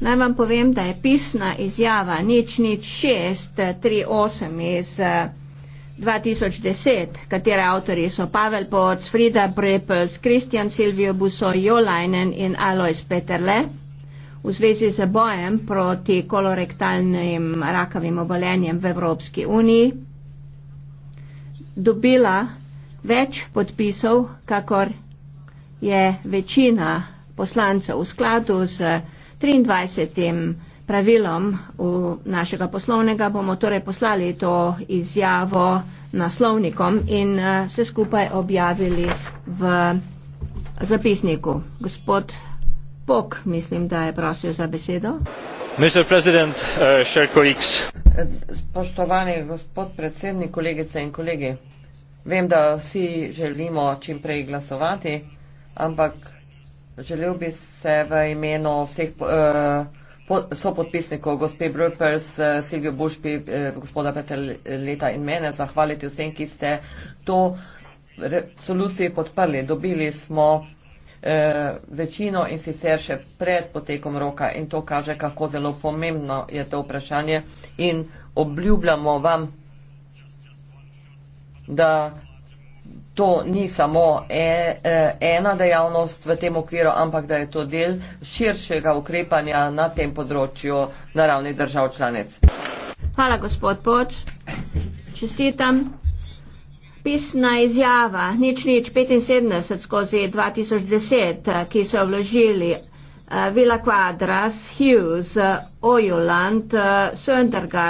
Naj vam povem, da je pisna izjava nič nič šest tri osem iz 2010, eh, katere avtori so Pavel Poc, Frida Brepels, Kristjan Silvio Buso, Jolajnen in Alois Peterle v zvezi z bojem proti kolorektalnim rakavim obolenjem v Evropski uniji, dobila več podpisov, kakor je večina poslancev v skladu z 23. pravilom našega poslovnega bomo torej poslali to izjavo naslovnikom in eh, se skupaj objavili v zapisniku. Gospod Pok, mislim, da je prosil za besedo. Mr. President, uh, share colleagues. Eh, spoštovani gospod predsednik, kolegice in kolegi. Vem, da vsi želimo čim prej glasovati, ampak Želel bi se v imenu vseh eh, sopodpisnikov, gospe Brupers, eh, Silvio Bušpi, eh, gospoda Peterleta in mene, zahvaliti vsem, ki ste to resolucijo podprli. Dobili smo večino in sicer še pred potekom roka in to kaže, kako zelo pomembno je to vprašanje in obljubljamo vam, da to ni samo e, e, ena dejavnost v tem okviru, ampak da je to del širšega ukrepanja na tem področju na ravni držav članic. Hvala, gospod Poč. Čestitam. Pisna izjava nič nič 75 skozi 2010, ki so vložili eh, Vila Quadras, Hughes, Ojuland, eh, Söndergaard.